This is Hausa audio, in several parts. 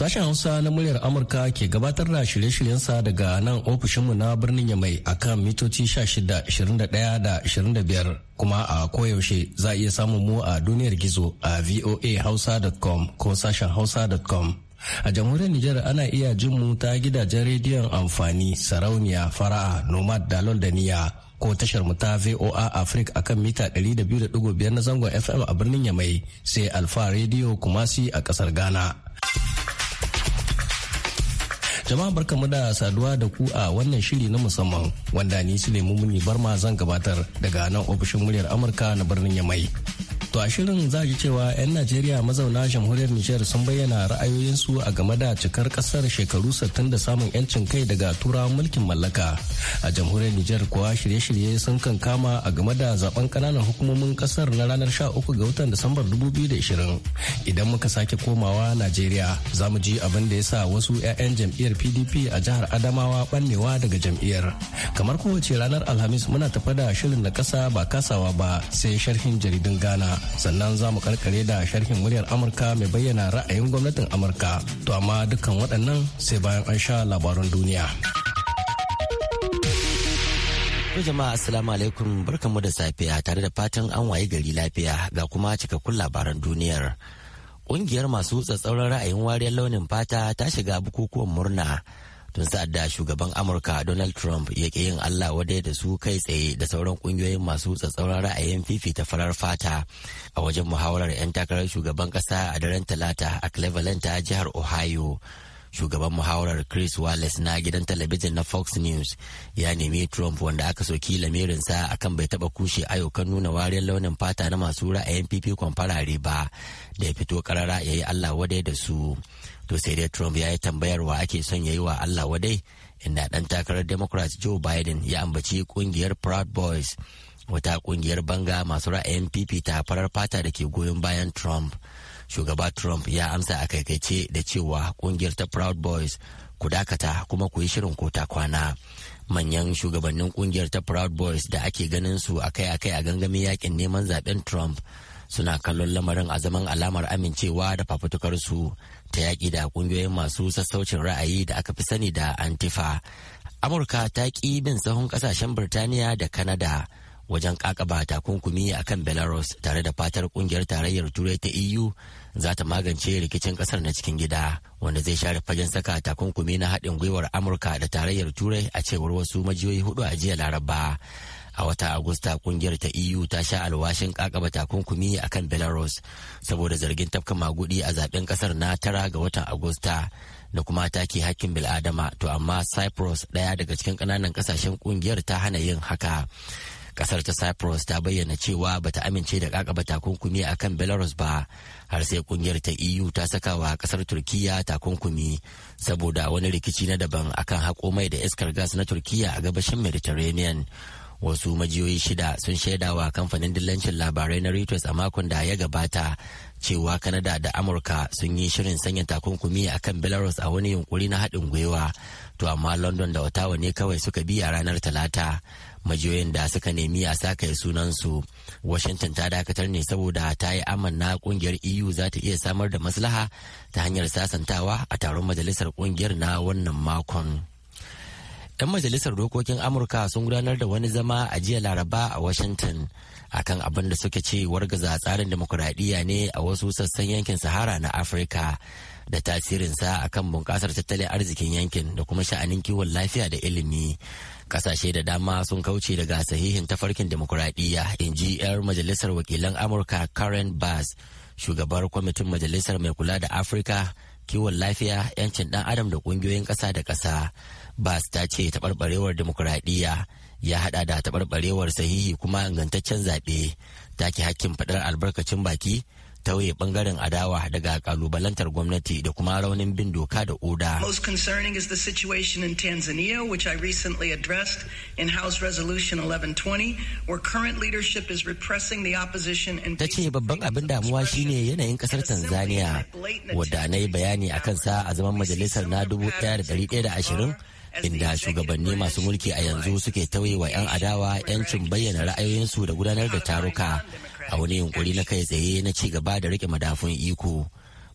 Sashen Hausa na muryar Amurka ke gabatar da shirye-shiryensa daga nan ofishinmu na birnin Yamai a kan mitoci 16, da 25 kuma a koyaushe za a iya samun mu a duniyar gizo a voahausa.com ko sashen hausa.com. A jamhuriyar Nijar ana iya jin mu ta gidajen rediyon amfani sarauniya fara'a nomad da niya ko tashar mu ta VOA Africa akan mita 200.5 na zangon FM a birnin Yamai sai Alfa Radio Kumasi a kasar Ghana. Jama'a barkamu da saduwa da ku a wannan shiri na musamman wanda ni Suleiman Muni Barma zan gabatar daga nan ofishin muryar Amurka na birnin Yamai. To a shirin za ji cewa 'yan Najeriya mazauna jamhuriyar Nijar sun bayyana ra'ayoyinsu a game da cikar kasar shekaru 60 da samun 'yancin kai daga turawan mulkin mallaka. A jamhuriyar Nijar kuwa shirye-shirye sun kan kama a game da zaben kananan hukumomin kasar na ranar 13 ga watan Disambar 2020. Idan muka sake komawa Najeriya za mu ji abin da ya sa wasu 'ya'yan jam'iyyar PDP a jihar Adamawa bannewa daga jam'iyyar. Kamar kowace ranar Alhamis muna tafa da shirin na kasa ba kasawa ba sai sharhin jaridun Ghana. sannan za mu karkare da sharhin muryar amurka mai bayyana ra'ayin gwamnatin amurka to amma dukkan waɗannan sai bayan an sha labarun duniya jama'a assalamu alaikum barkanmu da safiya tare da fatan an waye gari lafiya ga kuma cikakkun labaran duniyar ƙungiyar masu tsatsauran ra'ayin wariyar launin fata ta shiga bukukuwan murna tun sa'ad da shugaban amurka donald trump ya ƙi yin allah wadai da su kai tsaye da sauran ƙungiyoyin masu tsatsauran ra'ayin fifita farar fata a wajen muhawarar 'yan takarar shugaban ƙasa a daren talata a cleveland ta jihar ohio shugaban muhawarar chris wallace na gidan talabijin na fox news ya nemi trump wanda aka soki lamirinsa akan bai taba kushe ayyukan nuna wariyar launin fata na masu ra'ayin fifikon farare ba da ya fito karara ya yi allah wadai da su to sai dai trump ya yi tambayar wa ake son ya yi wa allah wadai inda dan takarar democrat joe biden ya ambaci kungiyar proud boys wata kungiyar banga masu ra'ayin pp ta farar fata da ke goyon bayan trump shugaba trump ya amsa a kaikaice da cewa kungiyar ta proud boys ku dakata kuma ku yi shirin kota kwana manyan shugabannin kungiyar ta proud boys da ake ganin su akai-akai a gangamin yakin neman zaben trump suna kallon lamarin a zaman alamar amincewa da fafutukar su ta yaƙi da ƙungiyoyin masu sassaucin ra'ayi da aka fi sani da antifa amurka ta ƙi bin sahun ƙasashen birtaniya da kanada wajen ƙaƙaba takunkumi a kan belarus tare da fatar ƙungiyar tarayyar turai ta eu za ta magance rikicin ƙasar na cikin gida wanda zai share fagen saka takunkumi na haɗin gwiwar amurka da tarayyar turai a cewar wasu majiyoyi hudu a jiya laraba a wata agusta kungiyar ta eu ta sha alwashin kakaba takunkumi a kan belarus saboda zargin tafka magudi a zaben kasar na tara ga watan agusta da kuma take hakkin bil'adama to amma cyprus daya daga cikin kananan kasashen kungiyar ta hana yin haka kasar ta cyprus ta bayyana cewa bata amince da kakaba takunkumi a kan belarus ba har sai kungiyar ta eu ta saka wa kasar turkiya takunkumi saboda wani rikici na daban akan haƙo mai da iskar gas na turkiya a gabashin mediterranean wasu majiyoyi shida sun shaidawa kamfanin dillancin labarai na reuters a makon da ya gabata cewa kanada da amurka sun yi shirin sanya takunkumi a kan belarus a wani yunkuri na haɗin gwiwa to amma london da ottawa ne kawai suka biya ranar talata majiyoyin da suka nemi a saka sunansu washington ta dakatar ne saboda ta yi amanna kungiyar eu za ta iya samar da maslaha ta hanyar sasantawa a taron majalisar kungiyar na wannan makon. 'Yan majalisar dokokin Amurka sun gudanar da wani zama a jiya Laraba a Washington akan abin da suke ce wargaza tsarin demokuraɗiyya ne a wasu sassan yankin Sahara na Afirka da tasirinsa akan bunƙasar tattalin arzikin yankin da kuma sha'anin kiwon lafiya da ilimi. Ƙasashe da dama sun kauce daga sahihin tafarkin demokuraɗiyya, in ji 'yar majalisar wakilan Amurka Karen Bass, shugabar kwamitin majalisar mai kula da Afirka, kiwon lafiya, 'yancin ɗan adam da ƙungiyoyin ƙasa da ƙasa. bas ta ce taɓarɓarewar demokuraɗiyya ya haɗa da taɓarɓarewar sahihi kuma ingantaccen zaɓe ke hakkin faɗar albarkacin baki tauye ɓangaren adawa daga kalubalantar gwamnati da kuma raunin bin doka da oda. Most concerning is the situation in Tanzania, which I recently addressed in House Resolution 1120, where current leadership is repressing the opposition and... Ta ce babban abin damuwa shine yanayin ƙasar Tanzania, wadda na yi bayani a kansa a zaman majalisar na 1120 inda shugabanni masu mulki a yanzu suke tauye wa 'yan adawa 'yancin bayyana ra'ayoyinsu da gudanar da taruka a wani yunkuri na kai tsaye na ci gaba da rike madafun iko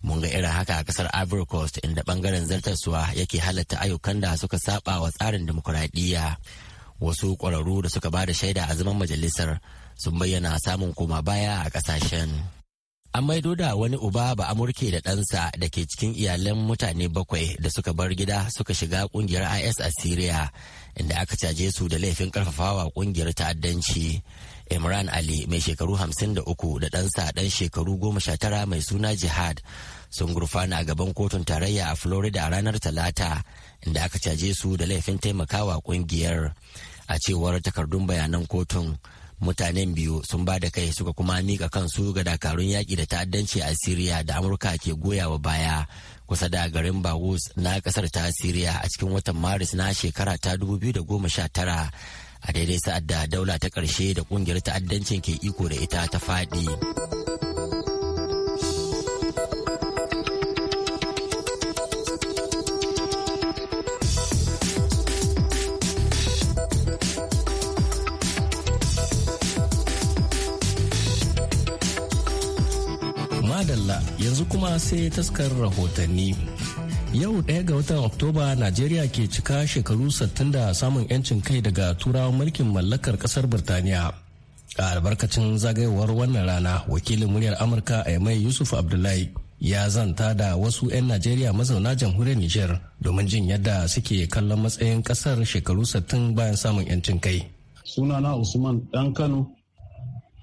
mun ga irin haka a kasar ivory coast inda bangaren zartaswa yake halatta ayyukan da suka saba wa tsarin demokuraɗiyya wasu ƙwararru da suka ba da shaida a zaman majalisar sun bayyana samun koma baya a ƙasashen. an maido da wani uba ba amurke da ɗansa da ke cikin iyalan mutane bakwai da suka bar gida suka shiga ƙungiyar is a syria inda aka caje su da laifin ƙarfafawa ƙungiyar ta'addanci imran ali mai shekaru 53 da uku da ɗansa ɗan shekaru goma sha tara mai suna jihad sun gurfana a gaban kotun tarayya a florida a ranar talata inda aka caje su da laifin taimakawa ƙungiyar a cewar takardun bayanan kotun mutanen biyu sun ba da kai suka kuma mika kansu ga dakarun yaƙi da ta'addanci a siriya da amurka ke goyawa baya kusa da garin bawus na kasar ta siriya a cikin watan maris na shekara ta 2019 a daidai sa'ad da daula ta ƙarshe da ƙungiyar ta'addancin ke iko da ita ta faɗi. yanzu kuma sai taskar rahotanni. Yau ɗaya ga watan Oktoba Najeriya ke cika shekaru 60 da samun 'yancin kai daga turawan mulkin mallakar ƙasar Birtaniya. A albarkacin zagayowar wannan rana wakilin muryar Amurka a mai Yusuf Abdullahi ya zanta da wasu 'yan Najeriya mazauna jamhuriyar Nijar domin jin yadda suke kallon matsayin ƙasar shekaru 60 bayan samun 'yancin kai. Sunana Usman ɗan Kano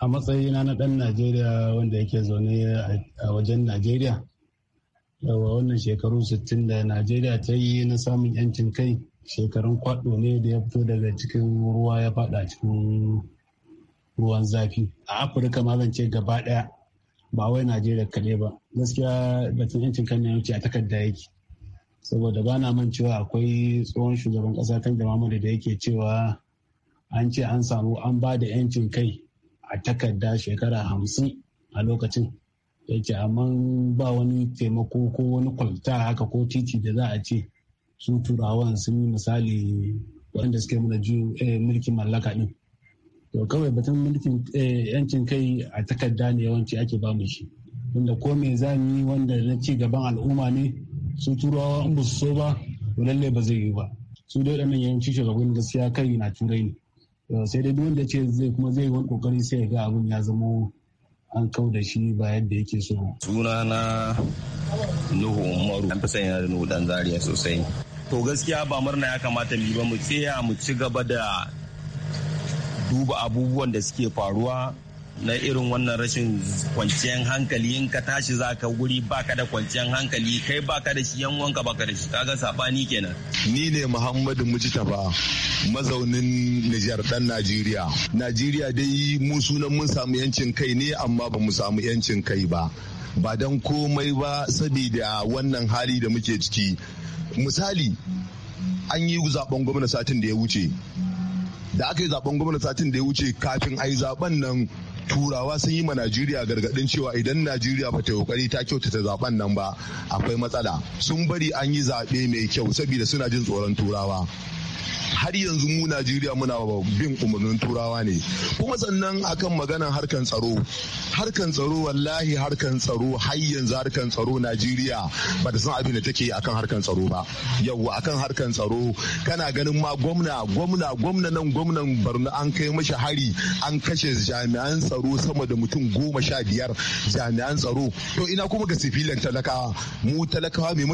a matsayina na ɗan najeriya wanda yake zaune a wajen najeriya yawa wannan shekaru 60 da najeriya ta yi na samun yancin kai shekarun kwaɗo ne da ya fito daga cikin ruwa ya faɗa cikin ruwan zafi a afirka ma zan ce gaba ɗaya ba wai najeriya kaɗai ba gaskiya batun yancin kan ne a takarda yake saboda ba na man cewa akwai tsohon shugaban ƙasa kan da da yake cewa an ce an samu an ba da yancin kai a takarda shekara hamsin a lokacin ya ce amma ba wani taimako ko wani kwalta haka ko titi da za a ce su turawan sun yi misali wanda suke mana eh, mulkin mallaka din to kawai batun mulkin eh, yancin kai a takarda ne yawanci ake ba mu shi wanda ko me za mu yi wanda na ci gaban al'umma ne su turawa in ba su so ba to lallai ba zai yi ba su dai ɗannan yawanci shugaban gaskiya kai na turai ne sai dai wanda ce zai kuma zai wani kokari sai ga abin ya zama an kau da shi ba yadda yake so suna na nuhu umaru an fi yana da nuhu dan zariya sosai to gaskiya ba murna ya kamata mu ba mu tsaya mu ci gaba da duba abubuwan da suke faruwa na irin wannan rashin kwanciyar hankali in ka tashi za ka guri baka da kwanciyar hankali kai baka da shi yan wanka baka da shi kaga sabani kenan ni ne muhammadu mujtaba mazaunin nijar dan najeriya najeriya dai mu sunan mun samu yancin kai ne amma ba mu samu yancin kai ba ba don komai ba sabida wannan hali da muke ciki misali an yi zaben gwamna satin da ya wuce da aka yi zaben gwamna satin da ya wuce kafin a yi zaben nan turawa sun yi ma najeriya gargadin cewa idan najeriya ba ta kokari ta kyautata zaben nan ba akwai matsala sun bari an yi zaɓe mai kyau saboda suna jin tsoron turawa har yanzu mu Najeriya muna bin umarnin turawa ne kuma sannan akan maganan harkan tsaro harkan tsaro wallahi harkan tsaro har yanzu harkan tsaro Najeriya ba ta san abin da take akan harkan tsaro ba yawwa akan harkan tsaro kana ganin ma gwamna gwamna gwamna nan gwamnan Borno an kai mashi hari an kashe jami'an tsaro sama da mutum goma sha biyar jami'an tsaro to ina kuma ga sifilan talakawa mu talakawa me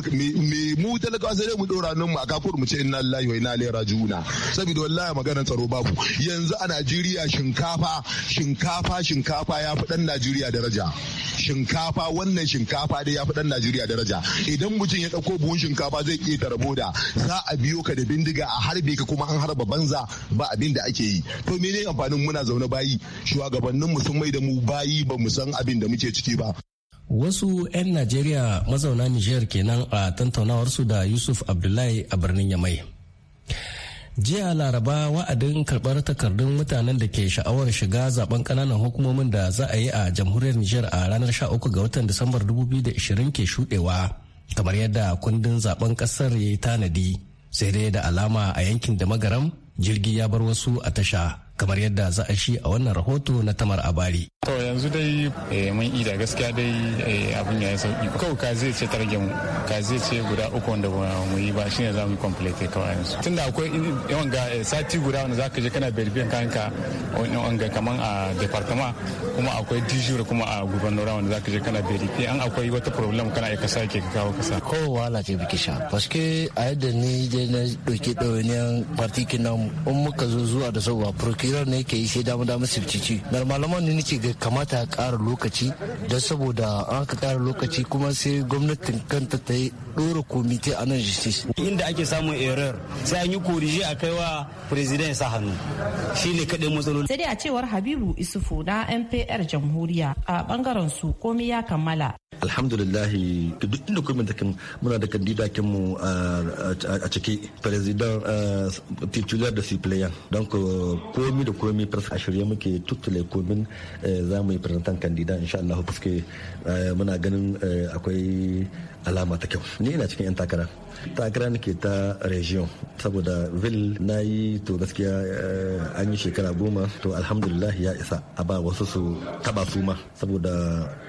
mu talakawa sai dai mu dora nan mu a kafur mu ce inna lillahi wa inna ilaihi raji'un tsada saboda wallahi maganar tsaro babu yanzu a Najeriya shinkafa shinkafa shinkafa ya fi dan Najeriya daraja shinkafa wannan shinkafa dai ya fi dan Najeriya daraja idan mutum ya dauko buhun shinkafa zai ketare boda za a biyo ka da bindiga a harbe ka kuma an harba banza ba abin da ake yi to menene amfanin muna zaune bayi shugabannin mu sun mai da mu bayi ba mu san abin da muke ciki ba wasu 'yan najeriya mazauna nijar kenan a tantaunawarsu da yusuf abdullahi a birnin yamai jiya laraba wa'adin karɓar takardun mutanen da ke sha'awar shiga zaben ƙananan hukumomin da za a yi a jamhuriyar nijar a ranar 13 ga watan disambar 2020 ke shuɗewa kamar yadda kundin zaben ƙasar ya yi tanadi sai dai da alama a yankin da magaram jirgi ya bar wasu a tasha kamar yadda za a shi a wannan rahoto na tamar abali. To yanzu dai eh, mun ida gaskiya dai eh, abin ya yi sauki. Kau ka zai ce targe mu ka zai ce guda uku wanda mu yi ba shine za mu complete kawai yanzu. tun da akwai yawan ga eh, sati guda wanda za ka je kana berbiyan kanka wani ga kaman a departama kuma akwai dijiyar kuma a gubernora wanda za ka je kana berbiyan an akwai wata problem kana aika sake ka kawo kasa. Ko wahala ce biki sha. Paske a yadda ni dai na ɗauki ɗawainiyar partikin namu in muka zo zuwa da sauwa prokin firar ne ke yi sai dama dama sifcici dar malaman ne nake ga kamata a ƙara lokaci don saboda an ka ƙara lokaci kuma sai gwamnatin kanta ta yi ɗora komite a nan justice inda ake samun error sai an yi korije a kai wa president sa hannu shi ne kaɗai matsaloli sai dai a cewar habibu isufu na npr jamhuriya a bangaren su komai ya kammala alhamdulillah duk inda kuma da kan muna da kandida kin mu a ciki president eh, titular da siplayan don ko komi da komi fars a shirye muke tuttule komin eh, za mu yi firantan kandida insha Allah fuske eh, muna ganin eh, akwai alama ta kyau ni ina cikin 'yan takara takara nake ta region saboda vil na yi to gaskiya eh, an yi shekara goma to alhamdulillah ya isa a ba wasu su taba su ma saboda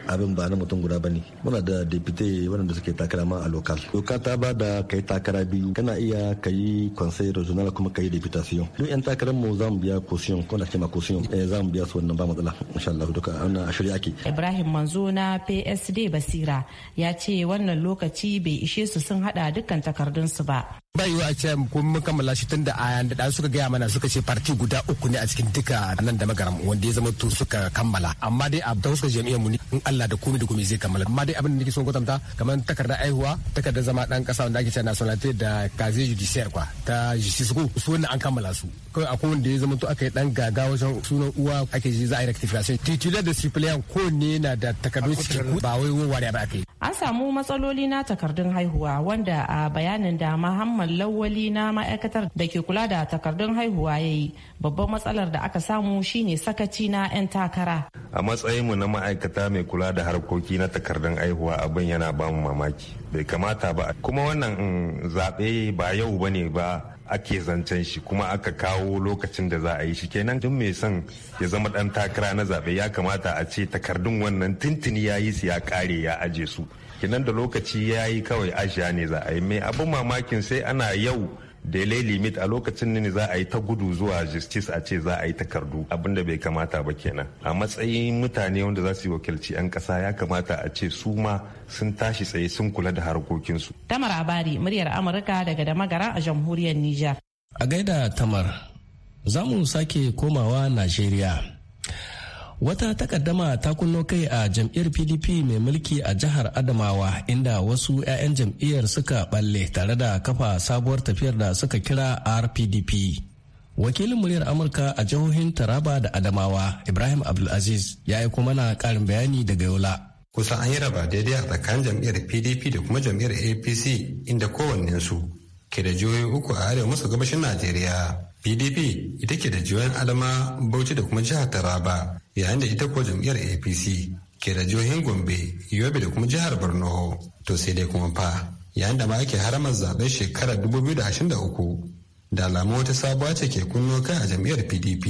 abin ba na mutum guda bane muna da depute wadanda suke takara ma a local doka ta ba da kai takara biyu kana iya kayi conseil regional kuma ka yi deputation duk yan takarar mu za mu biya caution ko na ce ma caution eh, za mu biya su wannan ba matsala insha Allah duka ana a shirya ake Ibrahim Manzo na PSD Basira ya ce wannan lokaci bai ishe su sun hada dukkan kan takardunsu ba. Ba yiwu a ce kun mun kammala shi tun da a da suka gaya mana suka ce parti guda uku ne a cikin duka nan da magaram wanda ya zama to suka kammala amma dai a da suka jami'an muni in Allah da komai da komai zai kammala amma dai abin da nake son kwatanta kamar takardar aihuwa takardar zama dan kasa wanda ake cewa nationality da kaze judiciaire kwa ta justice ko su wannan an kammala su kai akwai wanda ya zama to aka yi dan gaga wajen sunan uwa ake ji za a yi rectification titular da suppleant ko ne na da takardun ba wai wawware ba ake an samu matsaloli na takardun haihuwa wanda a bayanin da Muhammad Lawali na ma'aikatar da ke kula da takardun haihuwa ya yi babban matsalar da aka samu shine sakaci na 'yan takara. A matsayin mu na ma'aikata mai kula da harkoki na takardun haihuwa abin yana bamu mamaki bai kamata ba kuma wannan mm, zaɓe ba yau ba ne ba ake zancen shi kuma aka kawo lokacin da za a yi shi kenan tun mai son ya zama dan takara na zaɓe ya kamata a ce takardun wannan tuntuni ya yi su ya kare ya aje su kinan da lokaci ya yi kawai ajiya ne za a yi mai abin mamakin sai ana yau delay limit a lokacin ne za a yi ta gudu zuwa justice a ce za a yi takardu abin da bai kamata ba kenan a matsayin mutane wanda za su yi wakilci 'yan kasa ya kamata a ce su ma sun tashi tsaye sun kula da harkokinsu. tamar abari muryar amurka daga da magara a jamhuriyar niger a gaida tamar za mu sake komawa najeriya Wata takaddama ta kunno kai a jam'iyyar PDP mai mulki a jihar Adamawa inda wasu 'ya'yan jam'iyyar suka balle tare da kafa sabuwar tafiyar da suka kira RPDP. Wakilin muryar Amurka a jihohin Taraba da Adamawa, Ibrahim Abdulaziz, ya yi kuma na karin bayani daga Yola. Kusa an yi raba daidai a tsakanin jam'iyyar pdp da kuma jam'iyyar apc inda su ke da jihohi uku a arewa maso gabashin najeriya pdp ita ke da jihohin adama bauchi da kuma jihar taraba yayin da ita ko jam'iyyar apc ke da jihohin gombe yobe da kuma jihar borno to sai dai kuma fa yayin da ma ake haramar zaben shekarar 2023 da alamu wata sabuwa ce ke kunno kai a jam'iyyar pdp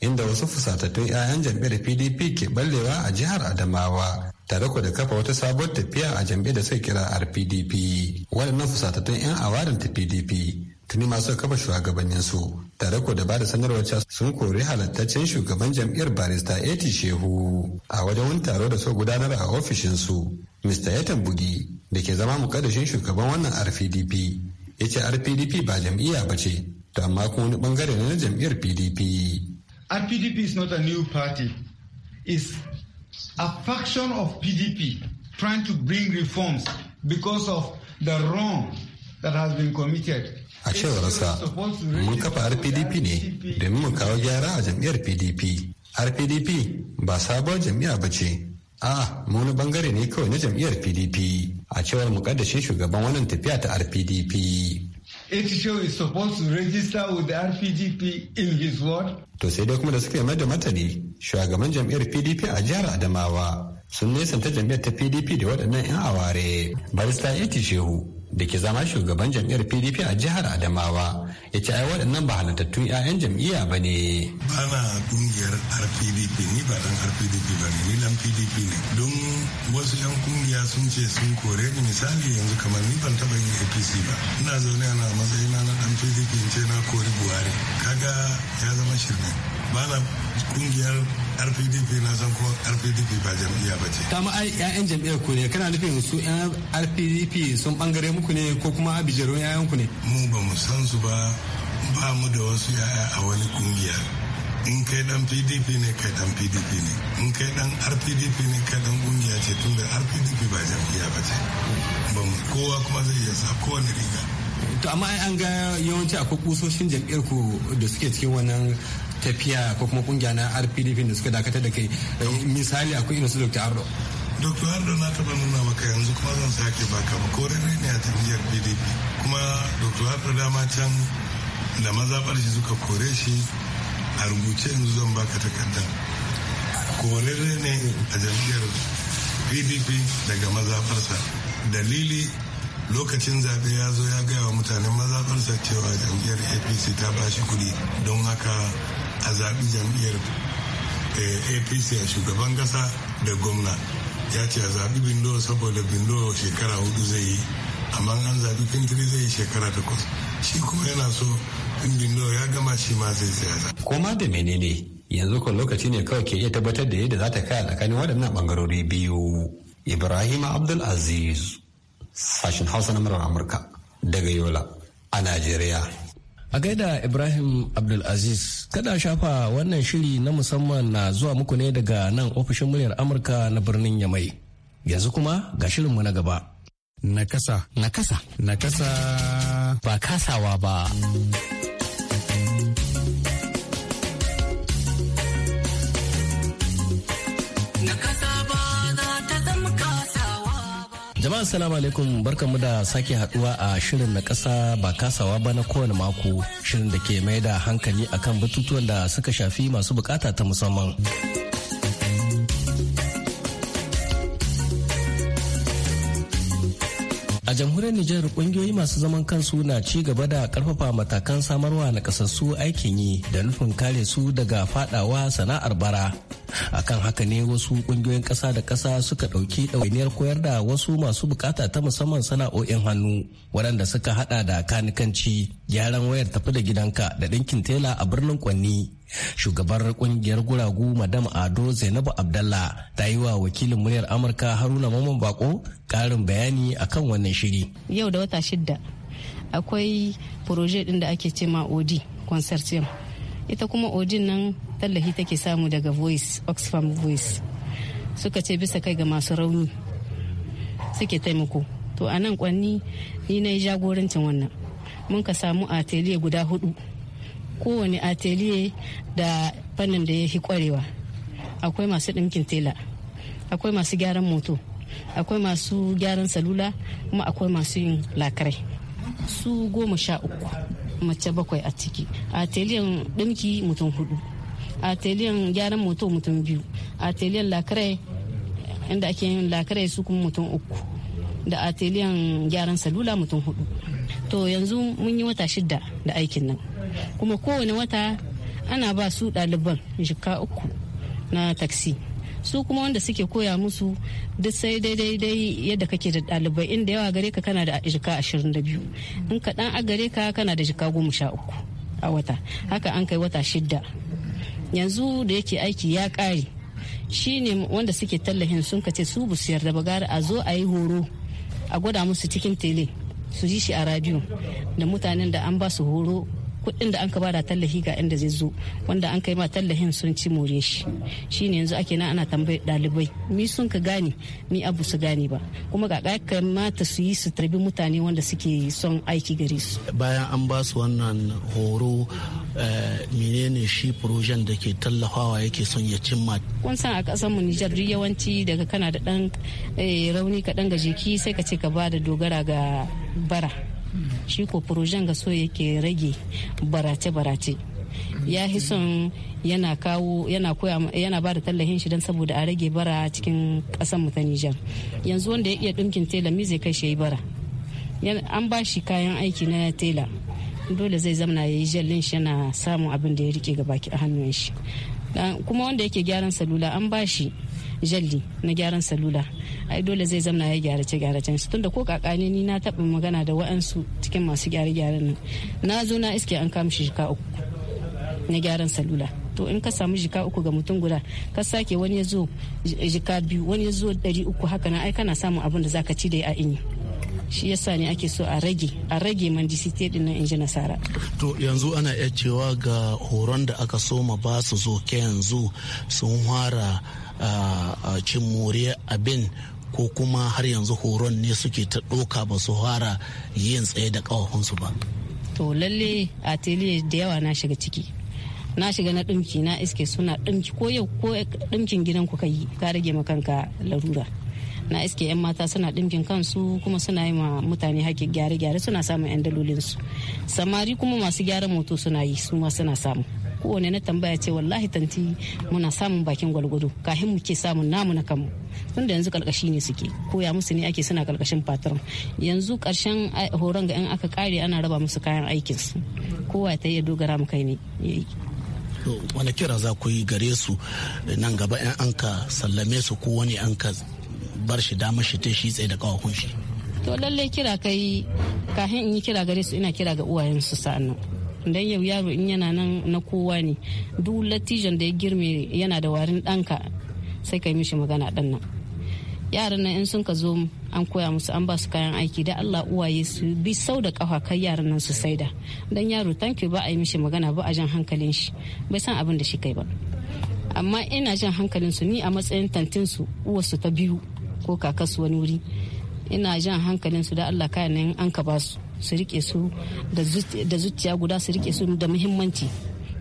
inda wasu fusatattun 'ya'yan jam'iyyar pdp ke ballewa a jihar adamawa tare da kafa wata sabuwar tafiya a jam'iyyar da suka kira rpdp waɗannan fusatattun 'yan awarin ta pdp tuni masu kafa shugabannin su tare ko da bada sanarwar cewa sun kori halattaccen shugaban jam'iyyar barista eti shehu a wajen wani taro da so gudanar a ofishinsu mr yatan bugi da ke zama mukaddashin shugaban wannan rpdp ya ce rpdp ba jam'iyya ba ce to amma kuma wani bangare ne na jam'iyyar pdp rpdp is not a new party is a faction of pdp trying to bring reforms because of the wrong that has been committed a cewarsa mun kafa rpdp ne domin mu kawo gyara a jam'iyyar pdp rpdp ba sabon jam'iyya ba ce a mu wani bangare ne kawai na jam'iyyar pdp a cewar mukaddashin shugaban wannan tafiya ta rpdp HO is supposed to register with the RPDP in his ward. To sai dai kuma da suka yi da martani shugaban jam'iyyar PDP a jihar Adamawa sun nesanta jam'iyyar ta PDP da waɗannan 'yan aware. Barista Eti Shehu da ke zama shugaban jam'iyyar pdp a jihar adamawa ya ce ai waɗannan ba halittattun 'ya'yan jam'iyya ba ne ba na kungiyar rpdp ni ba dan rpdp ba ne ni dan pdp ne don wasu 'yan kungiya sun ce sun kore ni misali yanzu kamar ni ban taɓa yin apc ba ina zaune ana matsayina na dan pdp in ce na kori buhari kaga ya zama shirme ba na kungiyar rpdp na san ko rpdp ba jam'iyya ba ce ma ai ƴaƴan jam'iyyar ku ne kana nufin su ƴan rpdp sun bangare muku ne ko kuma abijarun ƴaƴan ku ne mu ba mu san su ba ba mu da wasu yaya a wani kungiya in kai dan pdp ne kai dan pdp ne in kai dan rpdp ne kai dan kungiya ce tun da rpdp ba jam'iyya ba ce ba mu kowa kuma zai iya sa kowane riga to amma an ga yawanci akwai kusoshin jam'iyyar ku da suke cikin wannan tafiya ko kuma kungiya na rpdp da suka dakatar da kai eh, misali akwai irin su dr ardo dr ardo na taba nuna maka yanzu kuma zan sake baka ba ko ne a tafiyar pdp kuma dr ardo dama can da mazaɓar shi suka kore shi a rubuce yanzu zan baka takarda korere ne a jam'iyyar pdp daga mazaɓarsa dalili lokacin zaɓe ya zo ya gaya wa mutanen mazaɓarsa cewa jam'iyyar apc ta bashi kuɗi don haka a zaɓi jam'iyyar eh, apc a shugaban ƙasa da gwamna ya ce a zaɓi bindo saboda bindo shekara hudu zai yi amma an zaɓi fintiri zai yi shekara takwas shi kuma yana so in bindo ya gama shi ma zai siyasa. koma da menene yanzu kan lokaci ne kawai ke iya tabbatar da yadda za ta kai tsakanin waɗannan ɓangarori biyu ibrahim abdul aziz sashen hausa na murar amurka daga yola a najeriya A gaida Ibrahim Abdulaziz, kada shafa wannan shiri na musamman na zuwa muku ne daga nan ofishin muryar Amurka na birnin Yamai. Yanzu kuma ga shirinmu na gaba. Nakasa. Nakasa. Nakasa. Ba kasawa ba. Jama'a salamu alaikum barkanmu da sake haduwa a shirin na kasa ba kasawa ba na kowane mako shirin da ke mai da hankali akan batutuwan da suka shafi masu bukata ta musamman. A jamhuriyar Nijar kungiyoyi masu zaman kansu na ci gaba da karfafa matakan samarwa na kasassu aikin yi da nufin kare su daga fadawa sana'ar bara. akan haka ne wasu kungiyoyin kasa da kasa suka ɗauki ɗawainiyar koyar da wasu masu bukata ta musamman sana'o'in hannu waɗanda suka haɗa da kanikanci gyaran wayar tafi da gidanka da ɗinkin tela a birnin kwanni shugabar kungiyar guragu madam ado zainabu abdallah ta yi wa wakilin muryar amurka haruna maman bako ƙarin bayani akan wannan shiri yau da wata shidda akwai proje ɗin da ake cema odi consortium ita kuma odin nan tallafi take samu daga voice oxfam voice suka ce bisa kai ga masu rauni suke taimako to a nan kwanni ni na yi jagorancin wannan mun ka samu atelier guda hudu kowane atelier da fannin da ya fi kwarewa akwai masu ɗinkin tela akwai masu gyaran moto akwai masu gyaran salula kuma akwai masu yin lakarai su goma sha uku mace bakwai a ciki a ateliyan ɗinki mutum hudu ateliyan gyaran moto mutum biyu a ateliyan lakarai inda ake yin lakarai su kuma mutum uku da a ateliyan gyaran salula mutum hudu to yanzu mun yi wata shida da aikin nan kuma kowane wata ana ba su ɗaliban jika uku na taksi su kuma wanda suke koya musu duk sai daidai yadda kake da ɗalibai inda yawa gare ka kana da jika ashirin da biyu in ka ɗan a gare ka kana da jika goma sha uku a wata haka an kai wata shida yanzu da yake aiki ya ƙare shi ne wanda suke tallahin sun ka ce su bu siyar yarda ba a zo a yi horo a gwada musu cikin tele su ji shi a radio da mutanen da an ba su horo kuɗin da an ka bada tallafi ga inda zai zo wanda an kai ma tallafin sun ci more shi shine yanzu ake na ana tambayar ɗalibai mi sun ka gane ni abu su gane ba kuma ga kamata su yi su tarbi mutane wanda suke son aiki gare su bayan an ba su wannan horo eh, menene shi projen da ke tallafawa yake son ya cimma kun san a ƙasar mu Nijar duk yawanci daga kana da ɗan eh, rauni ka dan gaje ki sai ka ce ka ba da dogara ga bara shi ko projen ga so yake rage barace-barace ya yi son yana kawo yana koya yana ba da tallafin shi don saboda a rage bara cikin kasan mu ta Nijar yanzu wanda ya iya dinkin tela mi zai kai shi bara an ba shi kayan aiki na tela dole zai zamana ya yi jallin shi yana samun abin da ya rike ga baki a hannun shi kuma wanda yake gyaran salula an ba shi jalli na gyaran salula ai dole zai zama ya gyarace gyara su tunda ko kakani ni na taba magana da wa'ansu cikin masu gyare gyaran nan na zo na iske an kama shi shika uku na gyaran salula to in ka samu jika uku ga mutum guda ka sake wani ya zo jika biyu wani ya zo ɗari uku haka na ai kana samun abin da zaka ci da a inyi shi yasa ne ake so a rage a rage man mandisite din nan inji nasara to yanzu ana iya cewa ga horon da aka so ma ba su zo ke yanzu sun fara cin more abin ko kuma har yanzu horon ne suke ta ɗoka ba su fara yin tsaye da ƙawafinsu ba. To lalle a tele da yawa na shiga ciki. Na shiga na ɗumki na iske suna ko yau ko ɗumkin gidan ku kai ka rage makanka larura. Na iske 'yan mata suna ɗinkin kansu kuma suna yi ma mutane haƙƙin gyare-gyare suna samun 'yan dalolinsu. Samari kuma masu gyaran moto suna yi su ma suna samu. kowane na tambaya ce wallahi tanti muna samun bakin gwalgwado kafin mu ke samun namu na kanmu tun da yanzu karkashi ne suke koya musu ne ake suna karkashin patron yanzu karshen eh, horon ga yan aka kare ana raba musu kayan aikin su kowa ta iya dogara mu kai ne wani kira za ku yi gare su nan gaba yan an ka sallame su ko wani an ka bar shi dama shi ta shi tsaye da kawakun shi to lallai kira kai kahin in yi kira gare su ina kira ga uwayen su sa'annan dan yau yaro in yana nan na kowa ne duk latijan da ya girme yana da warin danka sai ka yi mishi magana ɗan nan yaran nan in sun ka zo an koya musu an ba su kayan aiki da Allah uwaye su bi sau da kafa kai yaran nan su saida dan yaro you ba a yi mishi magana ba a jan hankalin shi bai san abin da shi kai ba amma ina jan hankalin su ni a matsayin tantin su uwarsu ta biyu ko kakasu wani wuri ina jan hankalin su da Allah kayan nan an ka ba su su rike su da zuciya guda su rike su da muhimmanci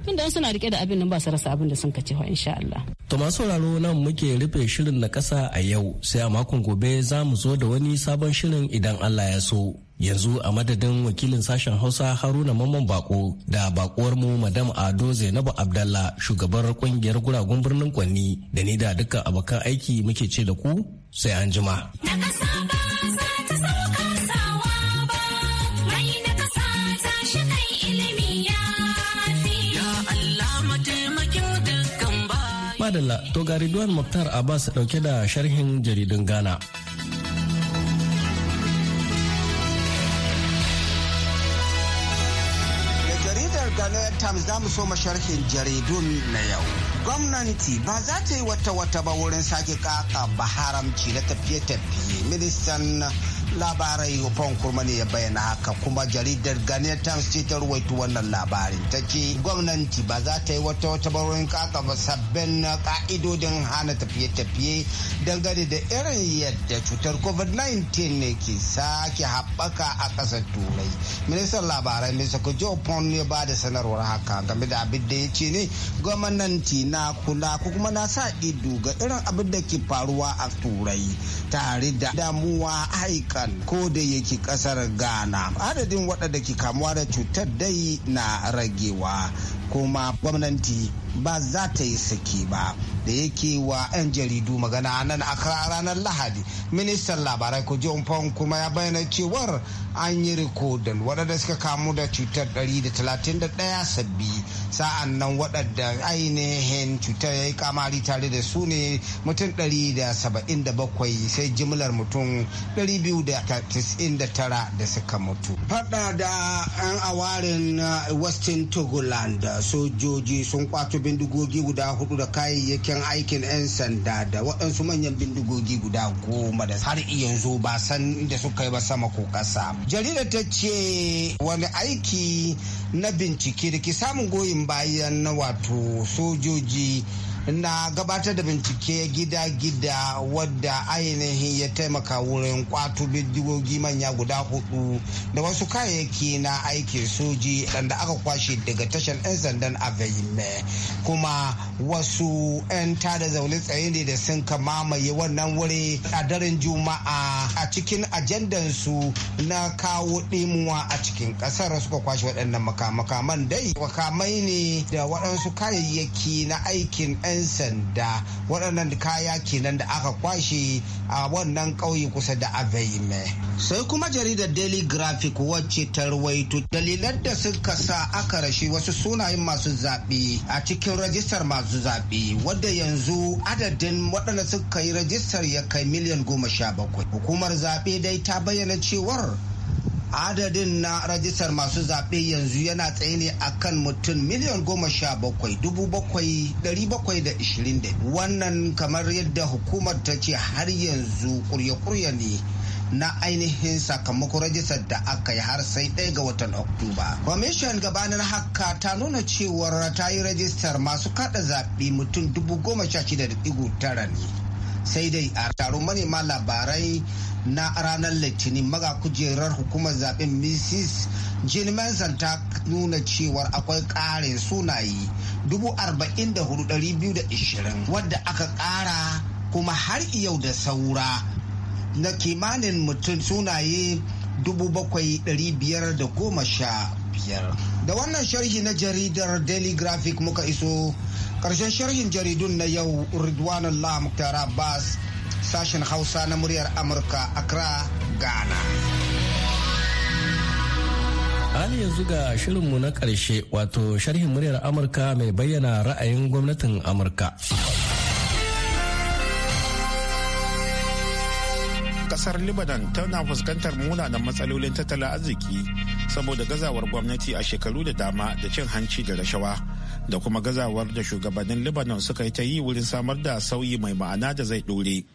tunda suna rike da abin nan ba su rasa abin da sun ka wa insha Allah. To masu sauraro nan muke rufe shirin na kasa a yau sai a makon gobe za mu zo da wani sabon shirin idan Allah ya so. Yanzu a madadin wakilin sashen Hausa Haruna Mamman Bako da bakuwar mu Madam Ado Zainabu Abdallah shugabar kungiyar guragun birnin Kwanni da ni da dukkan abokan aiki muke ce da ku sai an jima. Madalla to ga Ridwan Muktar Abbas dauke da sharhin jaridun Ghana. Ghanaian Times za mu so masharhin jaridun na yau. Gwamnati ba za ta yi wata-wata ba wurin sake kaka ba haramci na tafiye-tafiye ministan labarai Yufan Kurma ne ya bayyana haka kuma jaridar Ghanaian Times ce ta ruwaito wannan labarin ta ce gwamnati ba za ta yi wata wata barorin kaka ba sabbin na ka'idodin hana tafiye-tafiye dangane da irin yadda cutar COVID-19 ne ke sake haɓaka a ƙasar Turai. Ministan labarai Mr. Kujo Pon ya ba da sanarwar haka game da abin da ya ce ne gwamnati na kula ko kuma na sa ido ga irin abin da ke faruwa a Turai tare da damuwa aika Sudan ko da yake kasar ghana adadin waɗanda ke kamuwa da cutar dai na ragewa kuma gwamnati ba za ta yi saki ba da yake wa 'yan jaridu magana nan a ranar lahadi ministan labarai ko fon kuma ya bayyana cewar an yi rikodin waɗanda suka kamu da cutar 131 sabbi sa'an nan waɗanda ainihin cutar ya yi kamari tare da su ne mutum 177 sai jimlar mutum 299 da suka mutu fada da 'yan awarin uh, western togoland sojoji sun kwato bindigogi guda hudu da kayayyakin aikin 'yan sanda da waɗansu manyan bindigogi guda goma da har yanzu ba san inda suka yi ba sama ko ƙasa Jarida ta ce wani aiki na bincike da ke samun goyin bayan na wato sojoji na gabatar da bincike gida-gida wadda ainihin ya taimaka wurin kwato bidigogi manya guda hudu da wasu kayayyaki na aikin soji da aka kwashe daga tashar 'yan sandan avaime kuma wasu 'yan tada zaune tsaye ne da sun mamaye wannan wuri a daren juma'a a cikin su na kawo ɗimuwa a cikin ƙasar suka kwashe waɗannan makamakaman dai makamai ne da waɗansu kayayyaki na aikin 'yan sanda waɗannan kaya kenan da aka kwashe a wannan ƙauye kusa da Aveime. Sai kuma jaridar Daily Graphic wacce ta rawaito dalilan da suka sa aka rashe wasu sunayen masu zaɓe a cikin rajistar masu zaɓe wadda yanzu adadin waɗanda suka yi rajistar ya kai miliyan goma sha bakwai. Hukumar zaɓe dai ta bayyana cewar adadin na rajistar masu zaɓe yanzu yana tsaye ne a kan mutum miliyan goma sha bakwai dubu bakwai ɗari bakwai da ishirin da wannan kamar yadda hukumar ta ce har yanzu kurya-kurya ne na ainihin sakamakon rajistar da aka yi har sai ɗaya ga watan oktoba kwamishin gabanin haka ta nuna cewar ta yi rajistar masu kada zaɓe mutum dubu goma sha shida da tara ne sai dai a taron manema labarai na ranar litinin maga kujerar hukumar zaben mrs jin manson ta nuna cewar akwai ƙarin sunaye 44,220 wadda aka ƙara kuma har yau da saura na kimanin mutum sunaye 7,515 da wannan sharhi na jaridar daily graphic muka iso karshen sharhin jaridun na yau Ridwan Allah Muktar Abbas sashen Hausa na muryar Amurka Accra, Ghana. hali yanzu ga mu na ƙarshe wato sharhin muryar Amurka mai bayyana ra'ayin gwamnatin Amurka. kasar Lebanon tana fuskantar munanan matsalolin tattalin arziki saboda gazawar gwamnati a shekaru da dama da cin hanci da rashawa da kuma gazawar da shugabannin lebanon suka yi ta yi wurin samar da sauyi mai ma'ana da zai dore.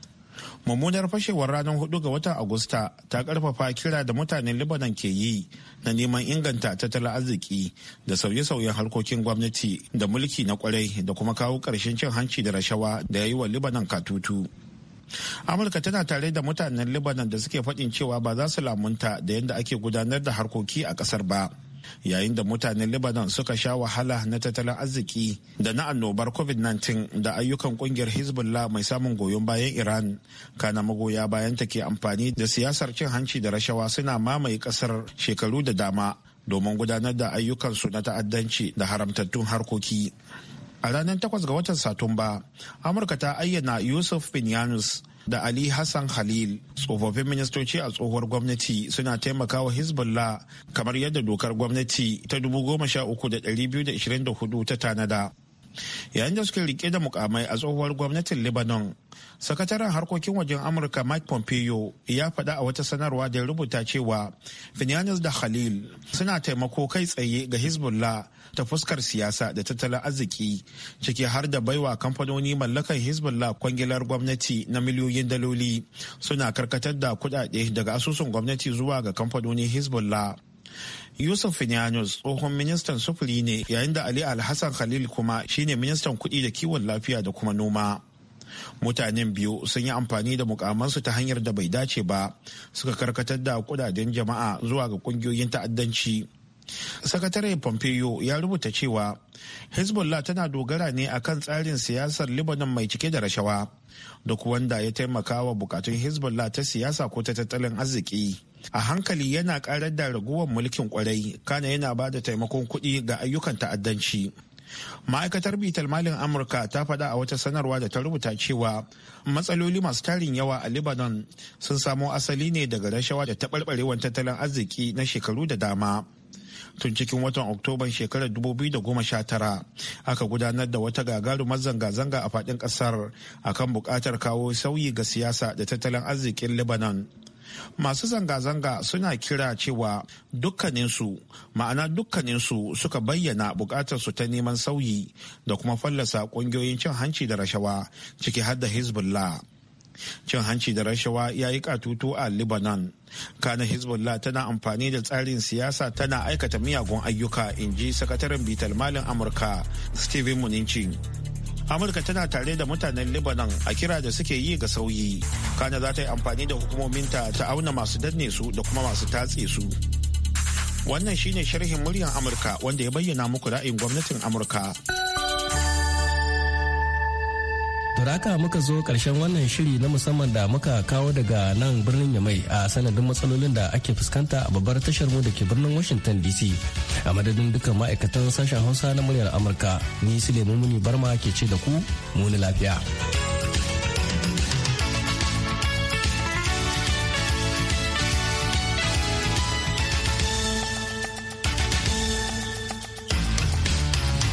mummunar fashewar ranar hudu ga watan agusta ta karfafa kira da mutanen lebanon ke yi na neman inganta tattalin arziki da sauye-sauyen harkokin gwamnati da mulki na kwarai da kuma kawo ƙarshen cin hanci da rashawa da ya yi wa lebanon katutu amurka tana tare da mutanen lebanon da suke faɗin cewa ba za su lamunta da yadda ake gudanar da harkoki a ƙasar ba yayin da mutanen Lebanon suka sha wahala na tattalin arziki da na annobar COVID-19 da ayyukan kungiyar Hezbollah mai samun goyon bayan Iran kana magoya bayan ta ke amfani da siyasar cin hanci da rashawa suna mamaye kasar shekaru da dama domin gudanar da ayyukansu na ta'addanci da haramtattun harkoki. A ranar 8 ga watan Satumba, Amurka ta ayyana Yusuf binyanus da Ali Hassan Khalil tsofaffin ministoci a tsohuwar gwamnati suna taimakawa Hezbollah kamar yadda dokar gwamnati ta 2024 ta tanada. Yayin da suke rike da mukamai a tsohuwar gwamnatin Lebanon, sakataren harkokin wajen Amurka Mike Pompeo ya faɗa a wata sanarwa da rubuta cewa Finianis da Khalil suna taimako kai tsaye ga Hezbollah ta fuskar siyasa da tattalin arziki ciki har da baiwa kamfanoni mallakan hezbollah kwangilar gwamnati na miliyoyin daloli suna karkatar da kudade daga asusun gwamnati zuwa ga kamfanonin hezbollah Yusuf Finyanus tsohon ministan sufuri ne yayin da Ali Alhassan Khalil kuma shine ministan kuɗi da kiwon lafiya da kuma noma. Mutanen biyu sun yi amfani da mukamansu ta hanyar da bai dace ba suka karkatar da kudaden jama'a zuwa ga kungiyoyin ta'addanci sakatare pompeo ya rubuta cewa hezbollah tana dogara ne a kan tsarin siyasar libanon mai cike da rashawa duk wanda ya taimaka wa bukatun hezbollah ta siyasa ko ta tattalin arziki a hankali yana karar da raguwar mulkin kwarai kana yana ba da taimakon kuɗi ga ayyukan ta'addanci ma'aikatar bitar malin amurka ta faɗa a wata sanarwa da ta rubuta cewa matsaloli masu tarin yawa a libanon sun samo asali ne daga rashawa da taɓarɓarewar tattalin arziki na shekaru da dama tun cikin watan oktoban shekarar 2019 aka gudanar da wata gagarumar zanga-zanga a faɗin ƙasar kan buƙatar kawo sauyi ga siyasa da tattalin arzikin lebanon masu zanga-zanga suna kira cewa dukkaninsu ma'ana dukkaninsu suka bayyana su ta neman sauyi da kuma fallasa ƙungiyoyin cin hanci da rashawa ciki har da hezbollah cin hanci da rashawa ya yi katutu a lebanon kana hezbollah tana amfani da tsarin siyasa tana aikata miyagun ayyuka in ji sakataren bitar malin amurka steven muninci amurka tana tare da mutanen lebanon a kira da suke yi ga sauyi kana za ta yi amfani da hukumominta ta auna masu danne su da kuma masu tatse su wannan shine sharhin muryar amurka wanda ya bayyana muku ra'ayin gwamnatin amurka. haka muka zo ƙarshen wannan shiri na musamman da muka kawo daga nan birnin Yamai a sanadin matsalolin da ake fuskanta a babbar tashar mu da ke birnin Washington DC. A madadin dukkan ma'aikatan sashen Hausa na muryar Amurka, ni Sule muni Barma ke ce da ku, muni lafiya.